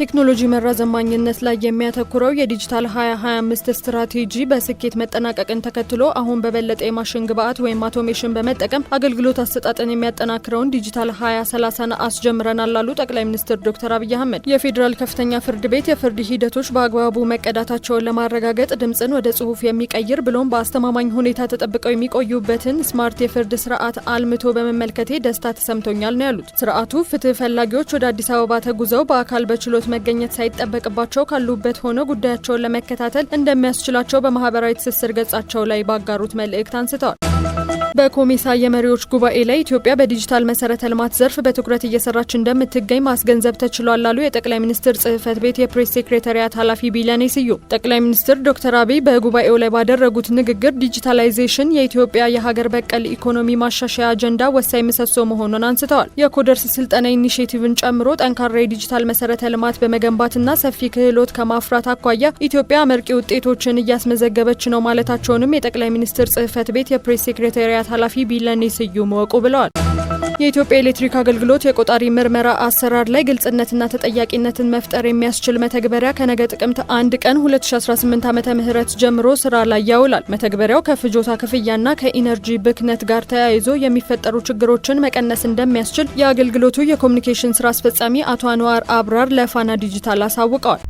ቴክኖሎጂ መራ ዘማኝነት ላይ የሚያተኩረው የዲጂታል 2025 ስትራቴጂ በስኬት መጠናቀቅን ተከትሎ አሁን በበለጠ የማሽን ግብዓት ወይም አውቶሜሽን በመጠቀም አገልግሎት አሰጣጥን የሚያጠናክረውን ዲጂታል 2030 አስጀምረናል ላሉ ጠቅላይ ሚኒስትር ዶክተር አብይ አህመድ የፌዴራል ከፍተኛ ፍርድ ቤት የፍርድ ሂደቶች በአግባቡ መቀዳታቸውን ለማረጋገጥ ድምፅን ወደ ጽሁፍ የሚቀይር ብሎም በአስተማማኝ ሁኔታ ተጠብቀው የሚቆዩበትን ስማርት የፍርድ ስርዓት አልምቶ በመመልከቴ ደስታ ተሰምቶኛል ነው ያሉት። ስርዓቱ ፍትህ ፈላጊዎች ወደ አዲስ አበባ ተጉዘው በአካል በችሎት መገኘት ሳይጠበቅባቸው ካሉበት ሆነው ጉዳያቸውን ለመከታተል እንደሚያስችላቸው በማህበራዊ ትስስር ገጻቸው ላይ ባጋሩት መልእክት አንስተዋል። በኮሜሳ የመሪዎች ጉባኤ ላይ ኢትዮጵያ በዲጂታል መሰረተ ልማት ዘርፍ በትኩረት እየሰራች እንደምትገኝ ማስገንዘብ ተችሏል የጠቅላይ ሚኒስትር ጽህፈት ቤት የፕሬስ ሴክሬታሪያት ኃላፊ ቢለኔ ስዩም። ጠቅላይ ሚኒስትር ዶክተር አብይ በጉባኤው ላይ ባደረጉት ንግግር ዲጂታላይዜሽን የኢትዮጵያ የሀገር በቀል ኢኮኖሚ ማሻሻያ አጀንዳ ወሳኝ ምሰሶ መሆኑን አንስተዋል። የኮደርስ ስልጠና ኢኒሽቲቭን ጨምሮ ጠንካራ የዲጂታል መሰረተ ልማት በመገንባትና ሰፊ ክህሎት ከማፍራት አኳያ ኢትዮጵያ አመርቂ ውጤቶችን እያስመዘገበች ነው ማለታቸውንም የጠቅላይ ሚኒስትር ጽህፈት ቤት የፕሬስ ሴክሬታሪያት ኃላፊ ቢለኔ ስዩም ወቁ ብለዋል። የኢትዮጵያ ኤሌክትሪክ አገልግሎት የቆጣሪ ምርመራ አሰራር ላይ ግልጽነትና ተጠያቂነትን መፍጠር የሚያስችል መተግበሪያ ከነገ ጥቅምት አንድ ቀን 2018 ዓ ም ጀምሮ ስራ ላይ ያውላል። መተግበሪያው ከፍጆታ ክፍያና ከኢነርጂ ብክነት ጋር ተያይዞ የሚፈጠሩ ችግሮችን መቀነስ እንደሚያስችል የአገልግሎቱ የኮሚኒኬሽን ስራ አስፈጻሚ አቶ አንዋር አብራር ለፋና ዲጂታል አሳውቀዋል።